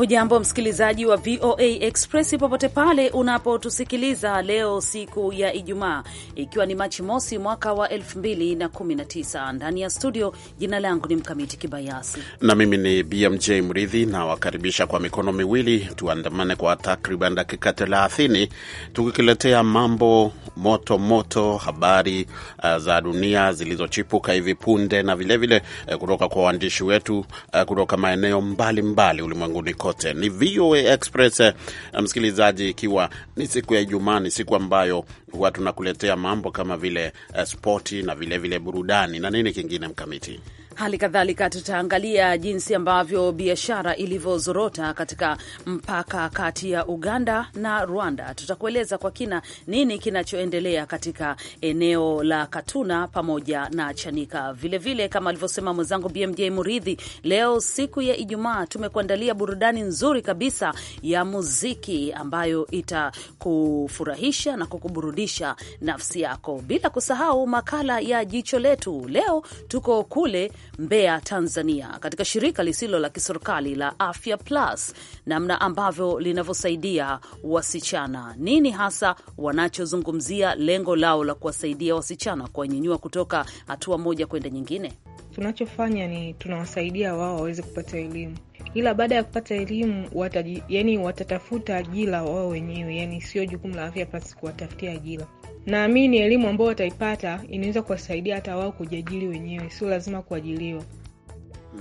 Hujambo msikilizaji wa VOA Express popote pale unapotusikiliza leo, siku ya Ijumaa, ikiwa ni Machi mosi mwaka wa 2019 ndani ya studio. Jina langu ni Mkamiti Kibayasi na mimi ni BMJ Mridhi, nawakaribisha kwa mikono miwili tuandamane kwa takriban dakika 30 tukikiletea mambo moto moto, habari uh, za dunia zilizochipuka hivi punde na vilevile uh, eh, kutoka kwa waandishi wetu uh, kutoka maeneo mbalimbali ulimwenguni kote. Ni VOA Express eh, msikilizaji, ikiwa ni siku ya Ijumaa, ni siku ambayo huwa tunakuletea mambo kama vile eh, spoti na vilevile vile burudani na nini kingine mkamiti Hali kadhalika tutaangalia jinsi ambavyo biashara ilivyozorota katika mpaka kati ya Uganda na Rwanda. Tutakueleza kwa kina nini kinachoendelea katika eneo la Katuna pamoja na Chanika. Vilevile vile, kama alivyosema mwenzangu BMJ Muridhi, leo siku ya Ijumaa tumekuandalia burudani nzuri kabisa ya muziki ambayo itakufurahisha na kukuburudisha nafsi yako, bila kusahau makala ya jicho letu. Leo tuko kule Mbeya, Tanzania, katika shirika lisilo la kiserikali la Afya Plus, namna ambavyo linavyosaidia wasichana. Nini hasa wanachozungumzia lengo lao la kuwasaidia wasichana kuwanyanyua kutoka hatua moja kwenda nyingine? tunachofanya ni tunawasaidia wao waweze kupata elimu, ila baada ya kupata elimu wataji, yani watatafuta ajira wao wenyewe, yani sio jukumu la Afya pasi kuwatafutia ajira. Naamini elimu ambayo wataipata inaweza kuwasaidia hata wao kujiajiri wenyewe, sio lazima kuajiliwa.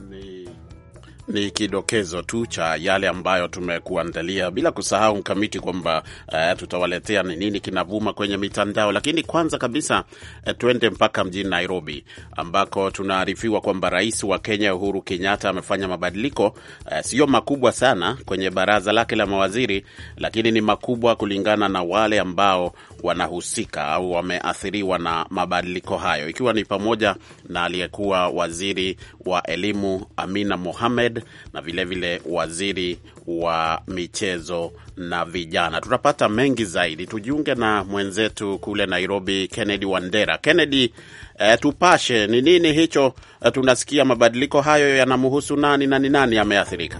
Ni ni kidokezo tu cha yale ambayo tumekuandalia, bila kusahau Mkamiti kwamba uh, tutawaletea ni nini kinavuma kwenye mitandao. Lakini kwanza kabisa uh, eh, tuende mpaka mjini Nairobi ambako tunaarifiwa kwamba rais wa Kenya Uhuru Kenyatta amefanya mabadiliko uh, sio makubwa sana kwenye baraza lake la mawaziri, lakini ni makubwa kulingana na wale ambao wanahusika au wameathiriwa na mabadiliko hayo, ikiwa ni pamoja na aliyekuwa waziri wa elimu Amina Mohamed na vilevile vile waziri wa michezo na vijana. Tutapata mengi zaidi, tujiunge na mwenzetu kule Nairobi, Kennedy Wandera. Kennedy, eh, tupashe ni nini hicho eh, tunasikia mabadiliko hayo yanamhusu nani na ni nani ameathirika?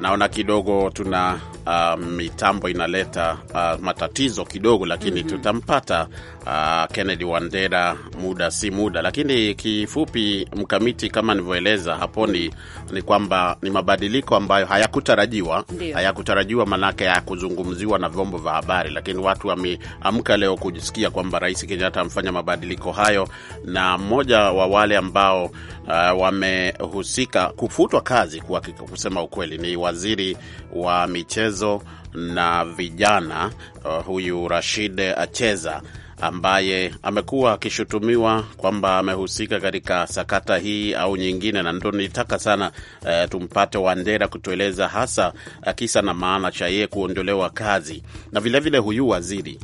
Naona kidogo tuna Um, mitambo inaleta uh, matatizo kidogo, lakini mm -hmm. tutampata uh, Kennedy Wandera muda si muda, lakini kifupi, mkamiti, kama nilivyoeleza hapo, ni, ni kwamba ni mabadiliko ambayo hayakutarajiwa, hayakutarajiwa manake hayakuzungumziwa na vyombo vya habari, lakini watu wameamka leo kujisikia kwamba Rais Kenyatta amefanya mabadiliko hayo, na mmoja wa wale ambao uh, wamehusika kufutwa kazi, kwa kusema ukweli, ni waziri wa michezo na vijana uh, huyu Rashid Acheza ambaye amekuwa akishutumiwa kwamba amehusika katika sakata hii au nyingine, na ndo nilitaka sana uh, tumpate Wandera kutueleza hasa uh, kisa na maana cha yeye kuondolewa kazi na vilevile vile huyu waziri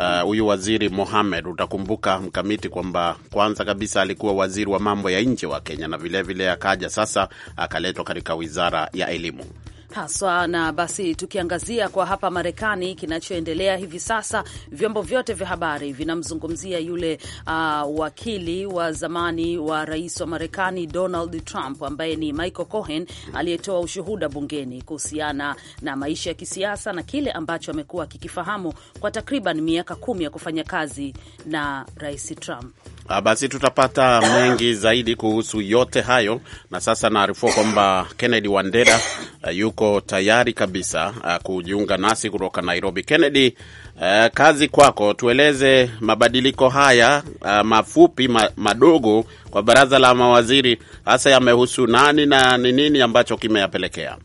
eh, huyu uh, waziri Mohamed, utakumbuka mkamiti kwamba kwanza kabisa alikuwa waziri wa mambo ya nje wa Kenya na vilevile vile akaja sasa akaletwa katika wizara ya elimu haswa. Na basi tukiangazia kwa hapa Marekani kinachoendelea hivi sasa, vyombo vyote vya habari vinamzungumzia yule uh, wakili wa zamani wa rais wa Marekani Donald Trump ambaye ni Michael Cohen aliyetoa ushuhuda bungeni kuhusiana na maisha ya kisiasa na kile ambacho amekuwa akikifahamu kwa takriban miaka kumi ya kufanya kazi na rais Trump. Ah, basi tutapata mengi zaidi kuhusu yote hayo, na sasa naarifua kwamba Kennedy Wandera ah, yuko tayari kabisa ah, kujiunga nasi kutoka Nairobi. Kennedy, eh, kazi kwako, tueleze mabadiliko haya mafupi madogo kwa baraza la mawaziri, hasa yamehusu nani na ni nini ambacho kimeyapelekea?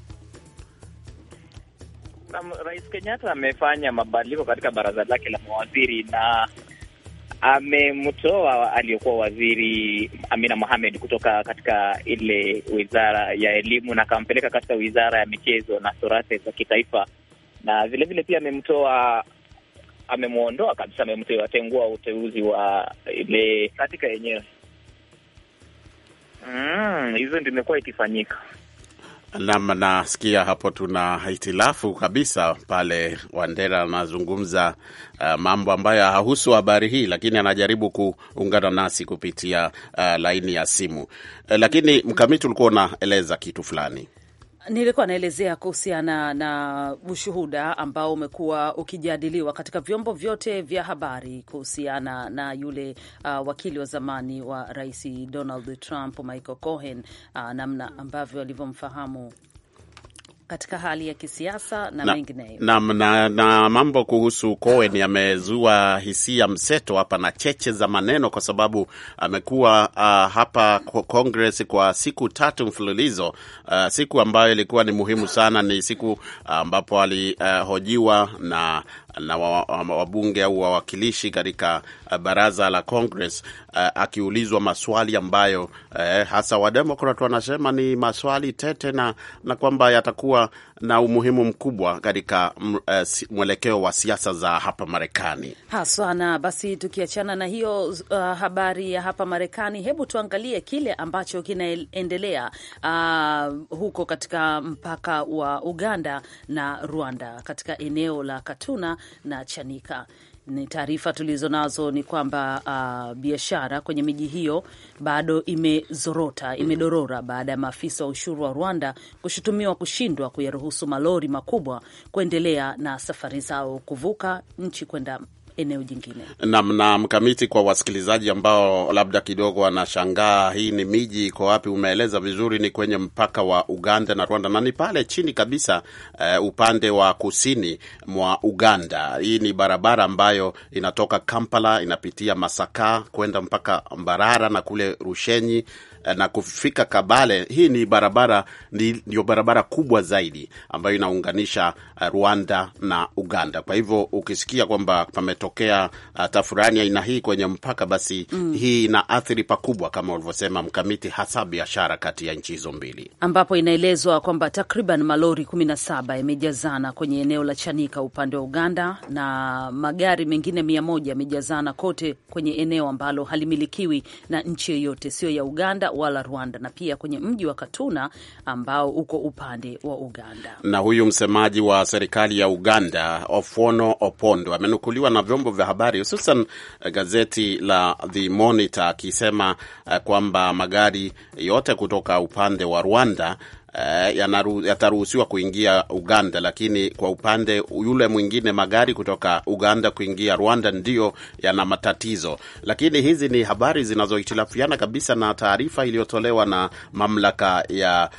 Rais Kenyatta amefanya mabadiliko katika baraza lake la mawaziri na amemtoa aliyekuwa waziri Amina Mohamed kutoka katika ile wizara ya elimu na akampeleka katika wizara ya michezo na sorate za kitaifa, na vilevile pia amemtoa amemwondoa kabisa, amemtengua uteuzi wa ile katika yenyewe. Mm, hizo ndio imekuwa ikifanyika. Nam, nasikia hapo tuna hitilafu kabisa pale. Wandera anazungumza uh, mambo ambayo hahusu habari hii, lakini anajaribu kuungana nasi kupitia uh, laini ya simu uh, lakini Mkamiti ulikuwa unaeleza kitu fulani nilikuwa naelezea kuhusiana na ushuhuda ambao umekuwa ukijadiliwa katika vyombo vyote vya habari kuhusiana na yule uh, wakili wa zamani wa rais Donald Trump Michael Cohen, uh, namna ambavyo alivyomfahamu katika hali ya kisiasa na mengineyo. Na, na, na, na mambo kuhusu Cohen yamezua hisia mseto hapa na cheche za maneno, kwa sababu amekuwa uh, hapa Congress kwa siku tatu mfululizo. Uh, siku ambayo ilikuwa ni muhimu sana ni siku ah, ambapo uh, alihojiwa uh, na na wabunge au wawakilishi katika eh, baraza la Congress uh, akiulizwa maswali ambayo uh, hasa wademokrat wanasema ni maswali tete na, na kwamba yatakuwa na umuhimu mkubwa katika mm, eh, mwelekeo wa siasa za hapa Marekani haswa. Na basi tukiachana na hiyo uh, habari ya hapa Marekani, hebu tuangalie kile ambacho kinaendelea uh, huko katika mpaka wa Uganda na Rwanda katika eneo la Katuna na Chanika. Ni taarifa tulizo nazo ni kwamba uh, biashara kwenye miji hiyo bado imezorota, imedorora baada ya maafisa wa ushuru wa Rwanda kushutumiwa kushindwa kuyaruhusu malori makubwa kuendelea na safari zao kuvuka nchi kwenda eneo jingine. Nam na mkamiti, kwa wasikilizaji ambao labda kidogo wanashangaa hii ni miji iko wapi, umeeleza vizuri, ni kwenye mpaka wa Uganda na Rwanda na ni pale chini kabisa uh, upande wa kusini mwa Uganda. Hii ni barabara ambayo inatoka Kampala inapitia Masaka kwenda mpaka Mbarara na kule Rushenyi Eh, na kufika Kabale. Hii ni barabara ndiyo barabara kubwa zaidi ambayo inaunganisha eh, Rwanda na Uganda. Kwa hivyo ukisikia kwamba pametokea eh, tafurani aina hii kwenye mpaka, basi mm, hii ina athiri pakubwa kama ulivyosema Mkamiti, hasa biashara kati ya nchi hizo mbili, ambapo inaelezwa kwamba takriban malori 17 yamejazana kwenye eneo la Chanika upande wa Uganda na magari mengine 1 yamejazana kote kwenye eneo ambalo halimilikiwi na nchi yoyote, sio ya Uganda wala Rwanda, na pia kwenye mji wa Katuna ambao uko upande wa Uganda. Na huyu msemaji wa serikali ya Uganda Ofono Opondo amenukuliwa na vyombo vya habari hususan eh, gazeti la The Monitor akisema eh, kwamba magari yote kutoka upande wa Rwanda Eh, yataruhusiwa kuingia Uganda, lakini kwa upande yule mwingine magari kutoka Uganda kuingia Rwanda ndiyo yana matatizo. Lakini hizi ni habari zinazohitilafiana kabisa na taarifa iliyotolewa na mamlaka ya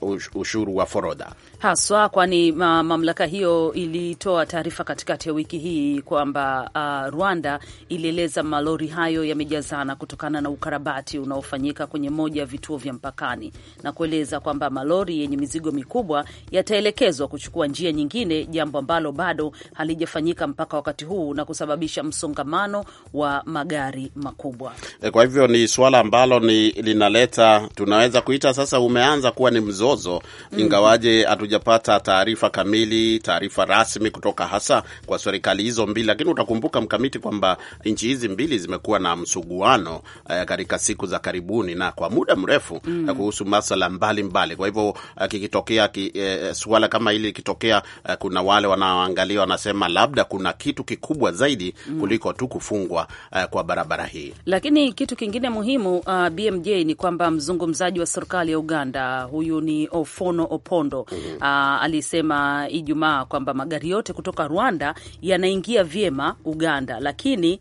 uh, ushuru wa forodha haswa, kwani mamlaka hiyo ilitoa taarifa katikati ya wiki hii kwamba uh, Rwanda ilieleza malori hayo yamejazana kutokana na ukarabati unaofanyika kwenye moja ya vituo vya mpakani na kueleza kwamba malori yenye mizigo mikubwa yataelekezwa kuchukua njia nyingine, jambo ambalo bado halijafanyika mpaka wakati huu na kusababisha msongamano wa magari makubwa. Eh, kwa hivyo ni suala ambalo ni linaleta tunaweza kuita sasa, umeanza kuwa ni mzozo, mm-hmm. ingawaje hatuja hatujapata taarifa kamili, taarifa rasmi kutoka hasa kwa serikali hizo mbili, lakini utakumbuka mkamiti kwamba nchi hizi mbili zimekuwa na msuguano uh, katika siku za karibuni na kwa muda mrefu mm, eh, kuhusu masala mbalimbali. Kwa hivyo eh, kikitokea ki, uh, suala kama hili ikitokea, uh, kuna wale wanaoangalia wanasema labda kuna kitu kikubwa zaidi mm, kuliko tu kufungwa uh, kwa barabara hii. Lakini kitu kingine muhimu uh, ah, BMJ ni kwamba mzungumzaji wa serikali ya Uganda huyu ni Ofono Opondo mm -hmm uh, alisema Ijumaa kwamba magari yote kutoka Rwanda yanaingia vyema Uganda, lakini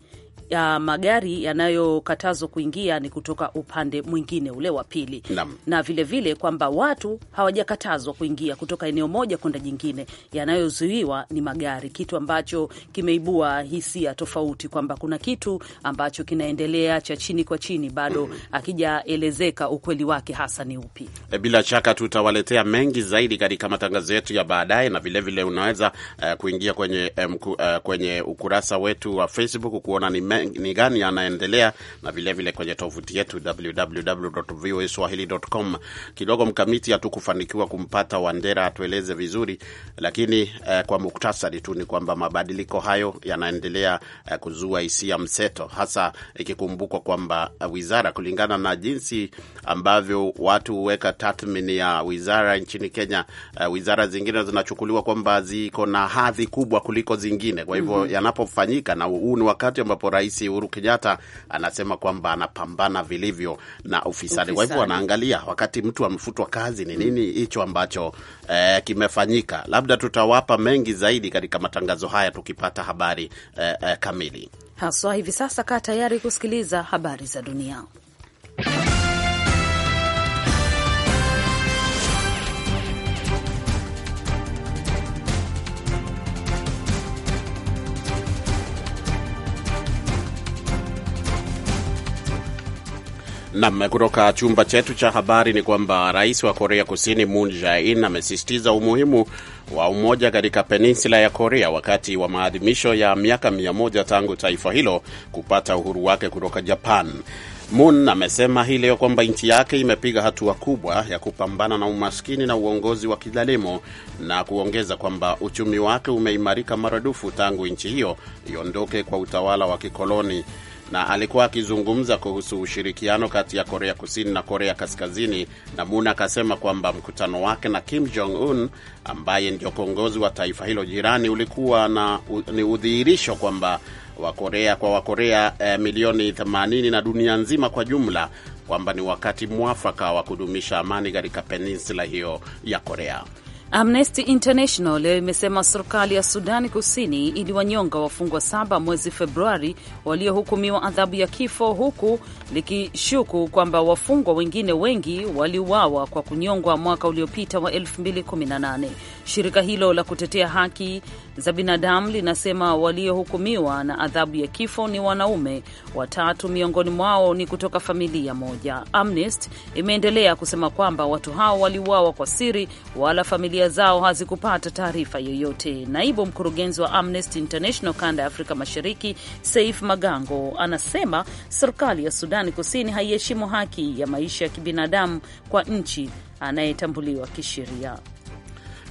ya magari yanayokatazwa kuingia ni kutoka upande mwingine ule wa pili, na vilevile kwamba watu hawajakatazwa kuingia kutoka eneo moja kwenda jingine, yanayozuiwa ni magari, kitu ambacho kimeibua hisia tofauti kwamba kuna kitu ambacho kinaendelea cha chini kwa chini, bado akijaelezeka ukweli wake hasa ni upi. E, bila shaka tutawaletea mengi zaidi katika matangazo yetu ya baadaye, na vilevile vile unaweza uh, kuingia kwenye, um, uh, kwenye ukurasa wetu wa Facebook kuona ni ni gani yanaendelea, na vilevile vile kwenye tovuti yetu www.voaswahili.com. Kidogo mkamiti, hatukufanikiwa kumpata Wandera atueleze vizuri, lakini eh, kwa muktasari tu ni kwamba mabadiliko hayo yanaendelea eh, kuzua hisia mseto, hasa ikikumbukwa eh, kwamba eh, wizara, kulingana na jinsi ambavyo watu huweka tathmini ya wizara nchini Kenya, eh, wizara zingine zinachukuliwa kwamba ziko na hadhi kubwa kuliko zingine, kwa hivyo mm -hmm. yanapofanyika na huu ni wakati ambapo Rais Uhuru Kenyatta anasema kwamba anapambana vilivyo na ufisadi. Kwa hivyo wanaangalia wakati mtu amefutwa kazi ni nini hicho ambacho eh, kimefanyika. Labda tutawapa mengi zaidi katika matangazo haya tukipata habari eh, eh, kamili haswa. Hivi sasa kaa tayari kusikiliza habari za dunia. Nam, kutoka chumba chetu cha habari ni kwamba rais wa Korea Kusini Moon Jae-in amesisitiza umuhimu wa umoja katika peninsula ya Korea wakati wa maadhimisho ya miaka mia moja tangu taifa hilo kupata uhuru wake kutoka Japan. Moon amesema hii leo kwamba nchi yake imepiga hatua kubwa ya kupambana na umaskini na uongozi wa kidhalimu na kuongeza kwamba uchumi wake umeimarika maradufu tangu nchi hiyo iondoke kwa utawala wa kikoloni na alikuwa akizungumza kuhusu ushirikiano kati ya Korea Kusini na Korea Kaskazini, na Moon akasema kwamba mkutano wake na Kim Jong Un ambaye ndio kiongozi wa taifa hilo jirani ulikuwa na u, ni udhihirisho kwamba Wakorea kwa Wakorea eh, milioni 80 na dunia nzima kwa jumla kwamba ni wakati mwafaka wa kudumisha amani katika peninsula hiyo ya Korea. Amnesty International leo imesema serikali ya Sudani Kusini iliwanyonga wafungwa saba mwezi Februari waliohukumiwa adhabu ya kifo, huku likishuku kwamba wafungwa wengine wengi waliuawa kwa kunyongwa mwaka uliopita wa 2018. Shirika hilo la kutetea haki za binadamu linasema waliohukumiwa na adhabu ya kifo ni wanaume watatu, miongoni mwao ni kutoka familia moja. Amnesty imeendelea kusema kwamba watu hao waliuawa kwa siri, wala familia zao hazikupata taarifa yoyote. Naibu mkurugenzi wa Amnesty International kanda ya Afrika Mashariki, Saif Magango, anasema serikali ya Sudani Kusini haiheshimu haki ya maisha ya kibinadamu kwa nchi anayetambuliwa kisheria.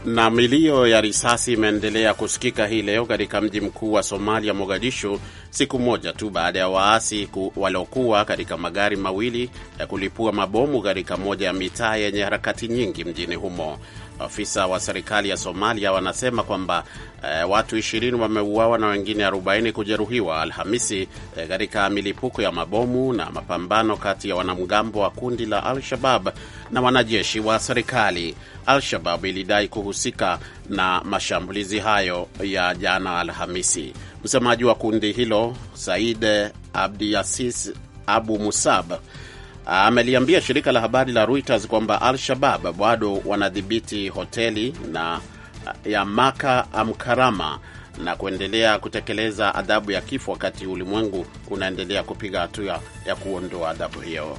Na milio ya risasi imeendelea kusikika hii leo katika mji mkuu wa Somalia, Mogadishu, siku moja tu baada ya waasi waliokuwa katika magari mawili ya kulipua mabomu katika moja ya mitaa yenye harakati nyingi mjini humo. Afisa wa serikali ya Somalia wanasema kwamba eh, watu 20 wameuawa na wengine 40 kujeruhiwa Alhamisi eh, katika eh, milipuko ya mabomu na mapambano kati ya wanamgambo wa kundi la Al-Shabab na wanajeshi wa serikali. Al-Shabab ilidai kuhusika na mashambulizi hayo ya jana Alhamisi. Msemaji wa kundi hilo Said Abdiasis Abu Musab ameliambia shirika la habari la Reuters kwamba Al-Shabab bado wanadhibiti hoteli na ya Maka Amkarama na kuendelea kutekeleza adhabu ya kifo wakati ulimwengu unaendelea kupiga hatua ya kuondoa adhabu hiyo.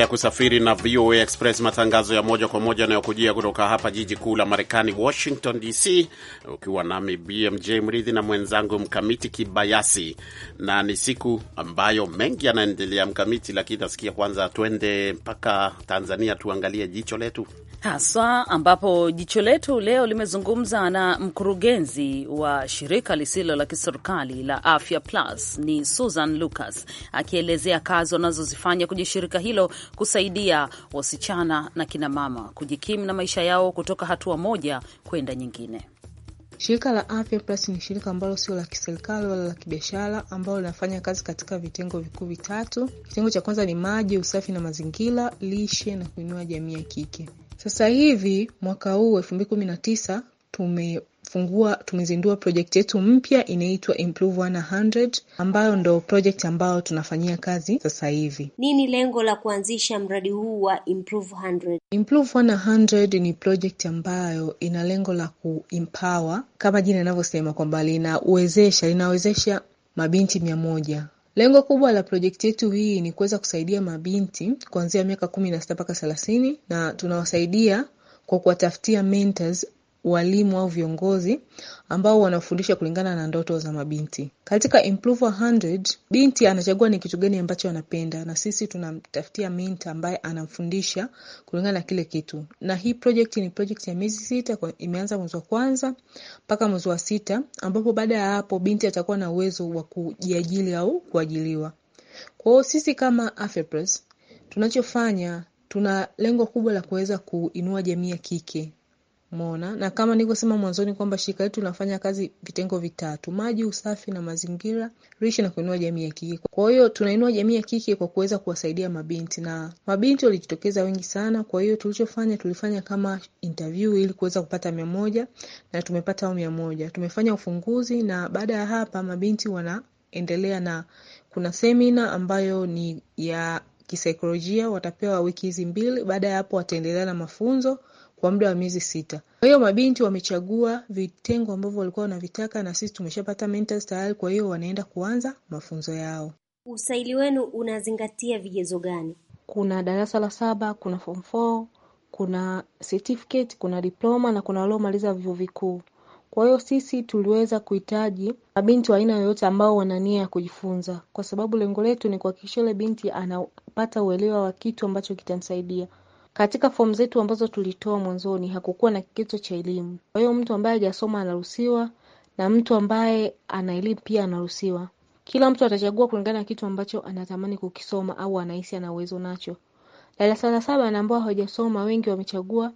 Unaendelea kusafiri na VOA Express, matangazo ya moja kwa moja yanayokujia kutoka hapa jiji kuu la Marekani, Washington DC, ukiwa nami BMJ Mridhi na mwenzangu Mkamiti Kibayasi. Na ni siku ambayo mengi yanaendelea, Mkamiti, lakini nasikia kwanza tuende mpaka Tanzania tuangalie jicho letu haswa, ambapo jicho letu leo limezungumza na mkurugenzi wa shirika lisilo la kiserikali la Afya Plus ni Susan Lucas, akielezea kazi wanazozifanya kwenye shirika hilo kusaidia wasichana na kinamama kujikimu na maisha yao kutoka hatua moja kwenda nyingine. Shirika la Afya Plus ni shirika ambalo sio la kiserikali wala la kibiashara, ambalo linafanya kazi katika vitengo vikuu vitatu. Kitengo cha kwanza ni maji, usafi na mazingira, lishe na kuinua jamii ya kike. Sasa hivi mwaka huu elfu mbili kumi na tisa tume tumefungua tumezindua projekti yetu mpya inaitwa Improve 100 ambayo ndo projekti ambayo tunafanyia kazi sasa hivi. Nini lengo la kuanzisha mradi huu wa Improve 100? Improve 100 ni projekti ambayo ina lengo la kuempower kama jina linavyosema kwamba linawezesha linawezesha mabinti mia moja Lengo kubwa la projekti yetu hii ni kuweza kusaidia mabinti kuanzia miaka kumi na sita mpaka thelathini na tunawasaidia kwa kuwatafutia mentors walimu au viongozi ambao wanafundisha kulingana na ndoto za mabinti. Katika Improve 100 binti anachagua ni kitu gani ambacho anapenda, na sisi tunamtafutia mentor ambaye anamfundisha kulingana na kile kitu. Na hii project ni project ya miezi sita, imeanza mwezi wa kwanza mpaka mwezi wa sita, ambapo baada ya hapo binti atakuwa na uwezo wa kujiajili au kuajiliwa. Kwa hiyo sisi kama AFEPROS tunachofanya tuna lengo kubwa la kuweza kuinua jamii ya kike Mona, na kama nilivyosema mwanzoni kwamba shirika letu linafanya kazi vitengo vitatu: maji, usafi na mazingira, lishe na kuinua jamii ya kike. Kwa hiyo tunainua jamii ya kike kwa kuweza kuwasaidia mabinti, na mabinti walijitokeza wengi sana. Kwa hiyo tulichofanya, tulifanya kama interview ili kuweza kupata mia moja na tumepata au mia moja. Tumefanya ufunguzi na baada ya hapa mabinti wanaendelea na kuna semina ambayo ni ya kisaikolojia watapewa wiki hizi mbili. Baada ya hapo wataendelea na mafunzo kwa muda wa miezi sita. Kwa hiyo mabinti wamechagua vitengo ambavyo walikuwa wanavitaka, na sisi tumeshapata mentors tayari, kwa hiyo wanaenda kuanza mafunzo yao. Usaili wenu unazingatia vigezo gani? Kuna darasa la saba, kuna form four, kuna certificate, kuna diploma na kuna waliomaliza vyuo vikuu. Kwa hiyo sisi tuliweza kuhitaji mabinti wa aina yoyote ambao wana nia ya kujifunza, kwa sababu lengo letu ni kuhakikisha yule binti anapata uelewa wa kitu ambacho kitamsaidia katika fomu zetu ambazo tulitoa mwanzoni hakukuwa na kigezo cha elimu. Kwa hiyo mtu ambaye hajasoma anaruhusiwa na mtu ambaye ana elimu pia anaruhusiwa. Kila mtu atachagua kulingana na kitu ambacho anatamani kukisoma au anahisi ana uwezo nacho. Darasa la saba na ambao hawajasoma wengi wamechagua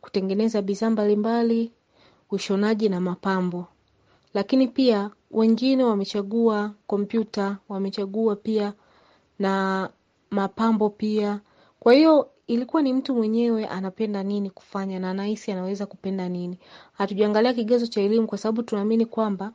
kutengeneza bidhaa mbalimbali, ushonaji na mapambo, lakini pia wengine wamechagua kompyuta, wamechagua pia na mapambo pia. Kwa hiyo ilikuwa ni mtu mwenyewe anapenda nini kufanya na anahisi anaweza kupenda nini. Hatujaangalia kigezo cha elimu kwa sababu tunaamini kwamba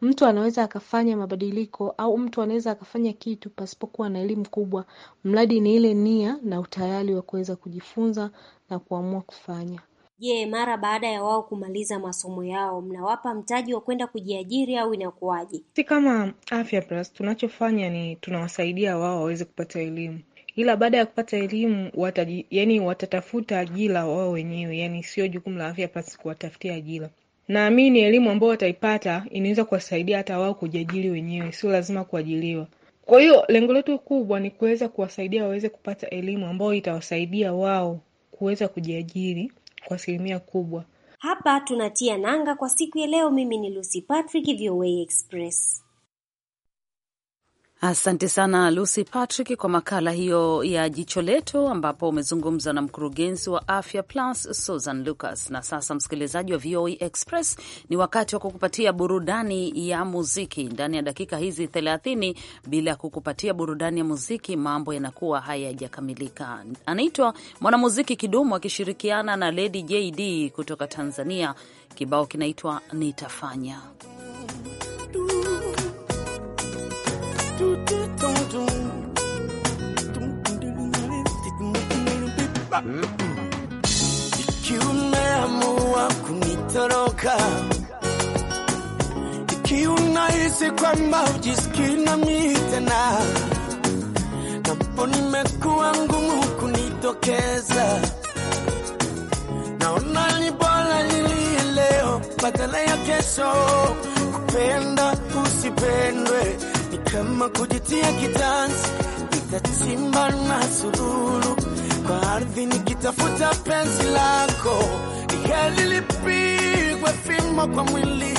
mtu anaweza akafanya mabadiliko au mtu anaweza akafanya kitu pasipokuwa na elimu kubwa, mradi ni ile nia na utayari wa kuweza kujifunza na kuamua kufanya. Je, mara baada ya wao kumaliza masomo yao mnawapa mtaji wa kwenda kujiajiri au inakuwaje? Si kama Afya Plus tunachofanya ni tunawasaidia wao waweze kupata elimu ila baada ya kupata elimu wataji, yani watatafuta ajira wao wenyewe, yani sio jukumu la afya pasi kuwatafutia ajira. Naamini elimu ambayo wataipata inaweza kuwasaidia hata wao kujiajiri wenyewe, sio lazima kuajiliwa. Kwa hiyo lengo letu kubwa ni kuweza kuwasaidia waweze kupata elimu ambayo itawasaidia wao kuweza kujiajiri kwa asilimia kubwa. Hapa tunatia nanga kwa siku ya leo. Mimi ni Lucy Patrick, VOA Express. Asante sana Lucy Patrick kwa makala hiyo ya jicho letu, ambapo umezungumza na mkurugenzi wa afya Plus Susan Lucas. Na sasa, msikilizaji wa VOA e Express, ni wakati wa kukupatia burudani ya muziki ndani ya dakika hizi thelathini. Bila ya kukupatia burudani ya muziki, mambo yanakuwa hayajakamilika. Anaitwa mwanamuziki Kidumu akishirikiana na Lady JD kutoka Tanzania. Kibao kinaitwa Nitafanya. Ikiwa umeamua kunitoroka, ikiwa unahisi kwamba ujisikii nami tena, napo nimekuwa ngumu kunitokeza, naona ni bora nilie leo badala ya kesho. Kupenda usipendwe ni kama kujitia kitanzi, itachimba na sururu kwa ardhi nikitafuta penzi lako, iheli lipigwe fimo kwa mwili,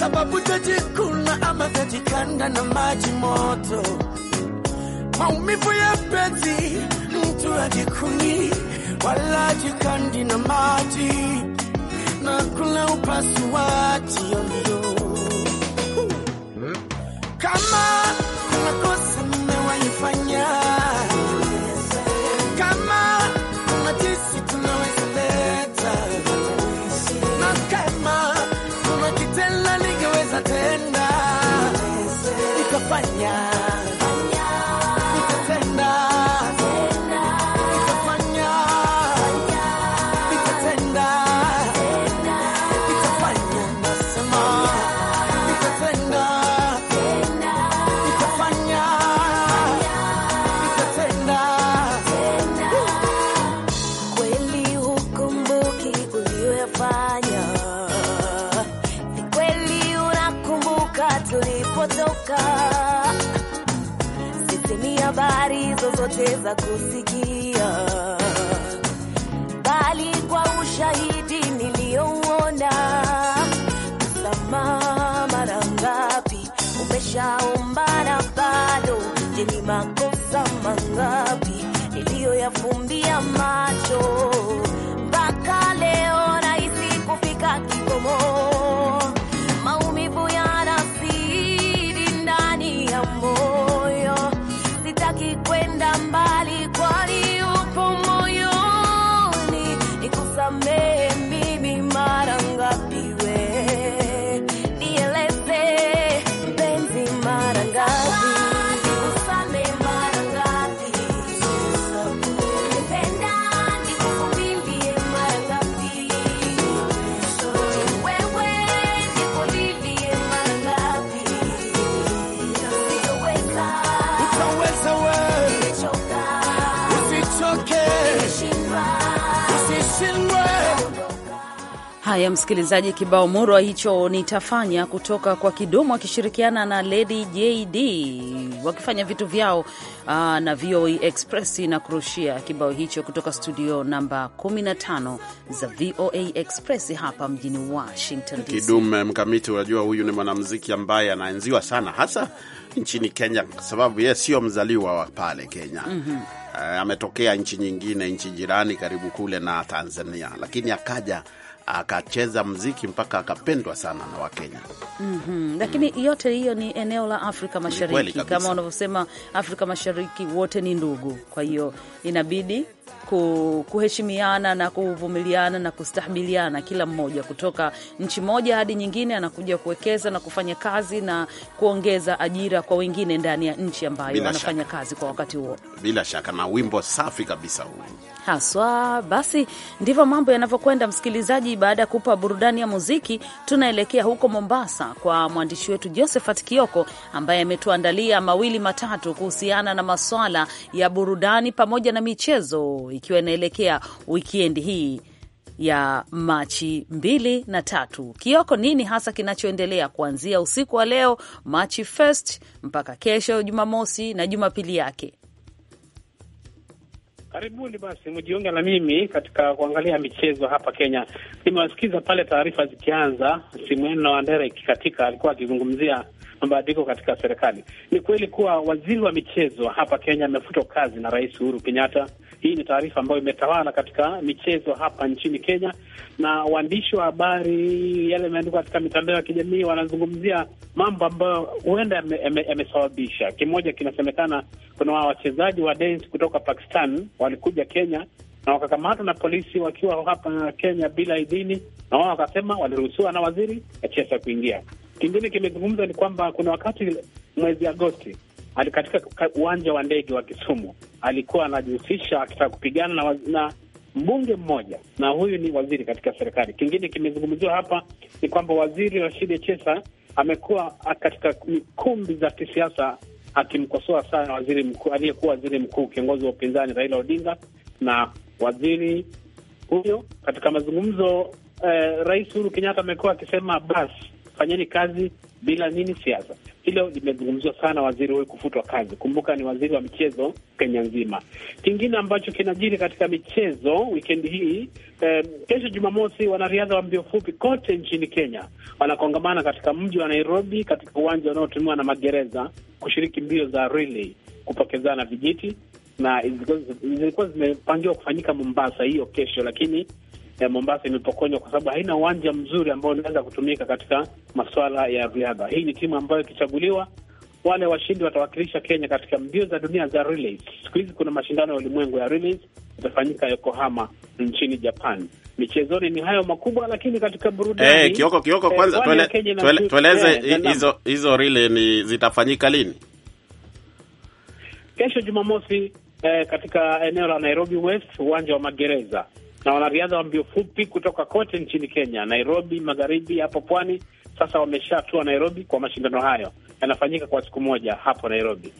sababu tajikuna ama tajikanda na maji moto, maumivu ya penzi mtu ajikuni wala jikandi na maji na kula upasuaji ovyo hmm? kama haraka, sisi ni habari zozote za kusikia, bali kwa ushahidi niliyouona. Msamaha mara ngapi na Bado je, ni makosa mangapi niliyoyafumbia macho? Haya, msikilizaji, kibao murwa hicho nitafanya kutoka kwa Kidumu akishirikiana na Lady JD wakifanya vitu vyao. Aa, ah, na VOA e Express na kurushia kibao hicho kutoka studio namba 15 za VOA e Express hapa mjini Washington DC. Kidumu mkamiti, unajua huyu ni mwanamuziki ambaye anaenziwa sana hasa nchini Kenya kwa sababu yeye sio mzaliwa wa pale Kenya. mm -hmm. Ametokea nchi nyingine, nchi jirani karibu kule na Tanzania, lakini akaja akacheza mziki mpaka akapendwa sana na Wakenya. mm -hmm. Lakini mm. yote hiyo ni eneo la Afrika Mashariki, kama unavyosema, Afrika Mashariki wote ni ndugu, kwa hiyo inabidi kuheshimiana na kuvumiliana na kustahimiliana. Kila mmoja kutoka nchi moja hadi nyingine anakuja kuwekeza na kufanya kazi na kuongeza ajira kwa wengine ndani ya nchi ambayo anafanya kazi kwa wakati huo. Bila shaka na wimbo safi kabisa huu haswa. Basi ndivyo mambo yanavyokwenda, msikilizaji. Baada ya kupa burudani ya muziki, tunaelekea huko Mombasa kwa mwandishi wetu Josephat Kioko ambaye ametuandalia mawili matatu kuhusiana na maswala ya burudani pamoja na michezo, ikiwa inaelekea wikendi hii ya Machi mbili na tatu. Kioko, nini hasa kinachoendelea kuanzia usiku wa leo Machi first mpaka kesho Jumamosi na Jumapili yake? Karibuni basi mjiunge na mimi katika kuangalia michezo hapa Kenya. Nimewasikiza pale taarifa zikianza, simu yenu na Wandera ikikatika, alikuwa akizungumzia iko katika serikali. Ni kweli kuwa waziri wa michezo hapa Kenya amefutwa kazi na Rais Uhuru Kenyatta. Hii ni taarifa ambayo imetawala katika michezo hapa nchini Kenya, na waandishi wa habari, yale yameandikwa katika mitandao ya kijamii, wanazungumzia mambo ambayo huenda yamesababisha eme, kimoja kinasemekana, kuna wachezaji wa dance kutoka Pakistan walikuja Kenya na wakakamatwa na polisi wakiwa hapa Kenya bila idhini, na wao wakasema waliruhusiwa na waziri achesa kuingia. Kingine kimezungumza ni kwamba kuna wakati mwezi Agosti katika uwanja wa ndege wa Kisumu alikuwa anajihusisha akitaka kupigana na, na mbunge mmoja, na huyu ni waziri katika serikali. Kingine kimezungumziwa hapa ni kwamba waziri Rashid Chesa amekuwa katika kumbi za kisiasa akimkosoa sana waziri mkuu aliyekuwa waziri mkuu kiongozi wa upinzani Raila Odinga na waziri huyo katika mazungumzo eh, Rais Uhuru Kenyatta amekuwa akisema basi fanyeni kazi bila nini siasa. Hilo limezungumziwa sana, waziri huyu kufutwa kazi. Kumbuka ni waziri wa michezo Kenya nzima. Kingine ambacho kinajiri katika michezo wikendi hii eh, kesho Jumamosi, wanariadha wa mbio fupi kote nchini Kenya wanakongamana katika mji wa Nairobi, katika uwanja unaotumiwa na magereza kushiriki mbio za relay, kupokezana vijiti na zilikuwa zimepangiwa kufanyika Mombasa hiyo kesho, lakini ya Mombasa imepokonywa kwa sababu haina uwanja mzuri ambao unaweza kutumika katika masuala ya riadha. Hii ni timu ambayo ikichaguliwa, wale washindi watawakilisha Kenya katika mbio za dunia za relays. Siku hizi kuna mashindano ya ulimwengu ya relays, itafanyika Yokohama nchini Japan. Michezoni ni hayo makubwa, lakini katika burudani hey, eh, Kioko, Kioko, eh, kwanza tueleze eh, hizo hizo relay ni zitafanyika lini? Kesho Jumamosi eh, katika eneo la Nairobi West, uwanja wa magereza na wanariadha wa mbio fupi kutoka kote nchini Kenya, Nairobi magharibi hapo pwani, sasa wameshatua Nairobi kwa mashindano hayo, yanafanyika kwa siku moja hapo Nairobi.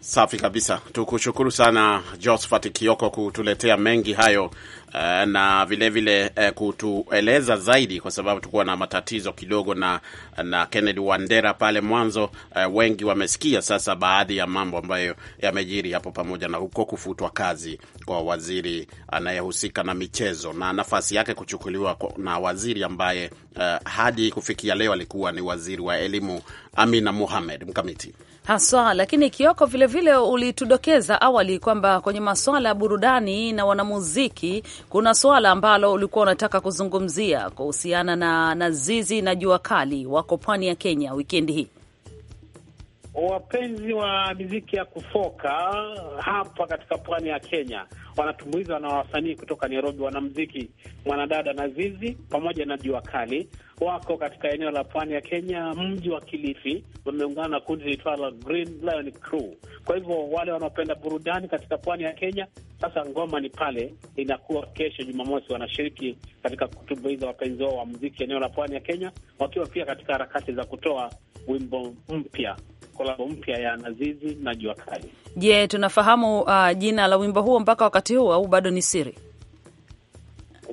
Safi kabisa, tukushukuru sana Josphat Kioko kutuletea mengi hayo Eh, na vilevile vile, eh, kutueleza zaidi, kwa sababu tukuwa na matatizo kidogo na, na Kennedy Wandera pale mwanzo. Eh, wengi wamesikia sasa baadhi ya mambo ambayo yamejiri hapo, pamoja na huko kufutwa kazi kwa waziri anayehusika na michezo na nafasi yake kuchukuliwa na waziri ambaye hadi kufikia leo alikuwa ni waziri wa elimu Amina Mohamed mkamiti haswa. Lakini Kioko, vilevile ulitudokeza awali kwamba kwenye masuala ya burudani na wanamuziki kuna suala ambalo ulikuwa unataka kuzungumzia kuhusiana na, na zizi na jua kali. Wako pwani ya Kenya wikendi hii wapenzi wa miziki ya kufoka hapa katika pwani ya Kenya wanatumbuizwa na wasanii kutoka Nairobi, wanamziki mwanadada na Zizi pamoja na jua kali wako katika eneo la pwani ya Kenya, mji wa Kilifi, wameungana na kundi liitwalo Green Lion Crew. Kwa hivyo wale wanaopenda burudani katika pwani ya Kenya, sasa ngoma ni pale, inakuwa kesho Jumamosi, wanashiriki katika kutumbuiza wapenzi wao wa muziki eneo la pwani ya Kenya, wakiwa pia katika harakati za kutoa wimbo mpya kolabo mpya ya Nazizi na Jua Kali. Je, tunafahamu uh, jina la wimbo huo mpaka wakati huu au bado ni siri?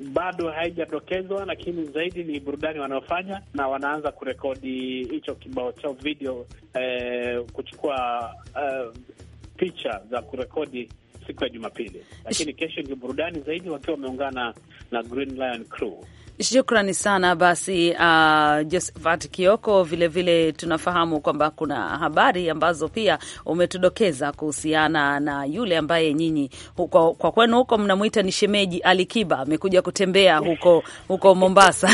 bado haijatokezwa, lakini zaidi ni burudani wanaofanya na wanaanza kurekodi hicho kibao chao video, eh, kuchukua eh, picha za kurekodi siku ya Jumapili, lakini kesho ndio burudani zaidi, wakiwa wameungana na Green Lion Crew. Shukrani sana basi, uh, Josephat Kioko. Vilevile tunafahamu kwamba kuna habari ambazo pia umetudokeza kuhusiana na yule ambaye nyinyi kwa, kwa kwenu huko mnamwita ni shemeji Alikiba, amekuja kutembea huko huko Mombasa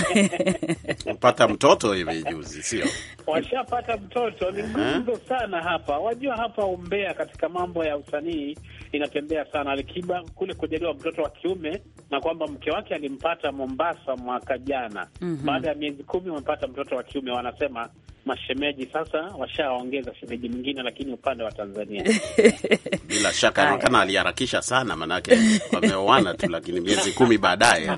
mpata mtoto hivi juzi, sio? Washapata mtoto, ni eh? mguzo sana hapa. Wajua hapa Umbea katika mambo ya usanii inatembea sana Alikiba kule kujaliwa mtoto wa kiume, na kwamba mke wake alimpata Mombasa mwaka jana. mm -hmm. Baada ya miezi kumi wamepata mtoto wa kiume, wanasema mashemeji sasa washaongeza shemeji mwingine, lakini upande wa Tanzania bila shaka inaonekana aliharakisha sana, maanake wameoana tu, lakini miezi kumi baadaye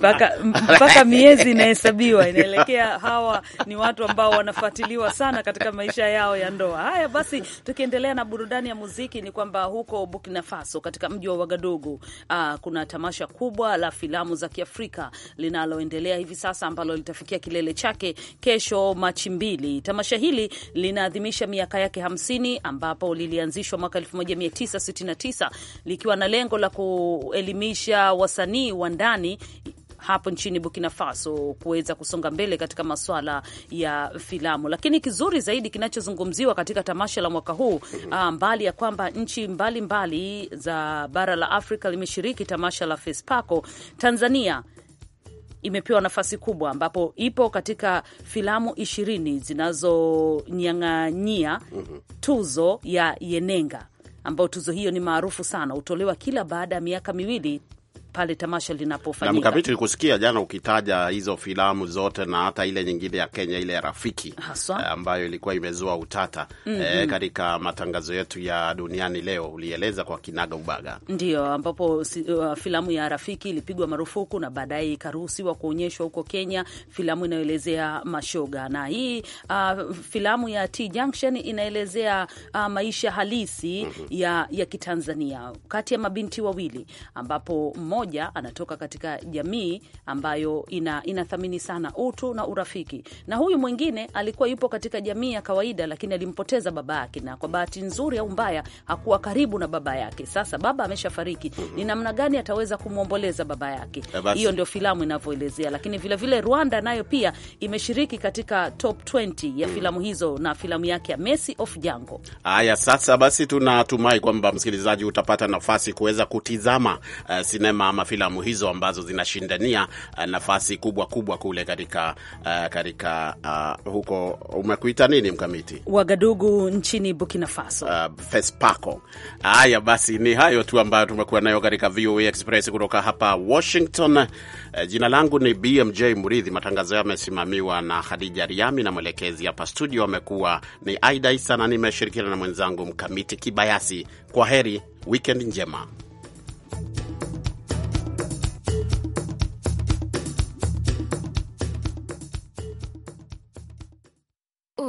mpaka miezi inahesabiwa, inaelekea hawa ni watu ambao wanafuatiliwa sana katika maisha yao ya ndoa. Haya basi, tukiendelea na burudani ya muziki, ni kwamba huko Burkina Faso katika mji wa Wagadugu ah, kuna tamasha kubwa la filamu za Kiafrika linaloendelea hivi sasa ambalo litafikia kilele chake kesho Machi mbili. Tamasha hili linaadhimisha miaka yake hamsini ambapo lilianzishwa mwaka 1969 likiwa na lengo la kuelimisha wasanii wa ndani hapo nchini Burkina Faso kuweza kusonga mbele katika maswala ya filamu. Lakini kizuri zaidi kinachozungumziwa katika tamasha la mwaka huu uh, mbali ya kwamba nchi mbalimbali mbali za bara la Afrika limeshiriki tamasha la FESPACO, Tanzania imepewa nafasi kubwa, ambapo ipo katika filamu ishirini zinazonyang'anyia tuzo ya Yenenga ambayo tuzo hiyo ni maarufu sana, hutolewa kila baada ya miaka miwili pale tamasha linapofanyika. Na mkabiti kusikia jana ukitaja hizo filamu zote na hata ile nyingine ya Kenya ile ya Rafiki e, ambayo ilikuwa imezua utata mm -hmm. E, katika matangazo yetu ya duniani leo ulieleza kwa kinaga ubaga, ndio ambapo uh, filamu ya Rafiki ilipigwa marufuku na baadaye ikaruhusiwa kuonyeshwa huko Kenya, filamu inayoelezea mashoga. Na hii uh, filamu ya T Junction inaelezea uh, maisha halisi mm -hmm. ya, ya Kitanzania kati ya mabinti wawili ambapo mmoja anatoka katika jamii ambayo ina, inathamini sana utu na urafiki, na huyu mwingine alikuwa yupo katika jamii ya kawaida, lakini alimpoteza baba yake, na kwa bahati nzuri au mbaya hakuwa karibu na baba yake. Sasa baba ameshafariki, mm-hmm. ni namna gani ataweza kumwomboleza baba yake? Eh, Hiyo ndio filamu inavyoelezea, lakini vilevile vile Rwanda nayo pia imeshiriki katika top 20 ya mm. filamu hizo na filamu yake ya Messi of Django. Haya, sasa basi tunatumai kwamba msikilizaji utapata nafasi kuweza kutizama uh, sinema ama filamu hizo ambazo zinashindania uh, nafasi kubwa kubwa kule katika uh, katika uh, huko umekuita nini mkamiti Wagadugu nchini Burkina Faso uh, Fespaco. Haya basi, ni hayo tu ambayo tumekuwa nayo katika VOA Express kutoka hapa Washington. Uh, jina langu ni BMJ Muridhi. Matangazo hayo yamesimamiwa na Hadija Riami na mwelekezi hapa studio amekuwa ni Aida Isa na nimeshirikiana na mwenzangu Mkamiti Kibayasi. Kwa heri, wikend njema.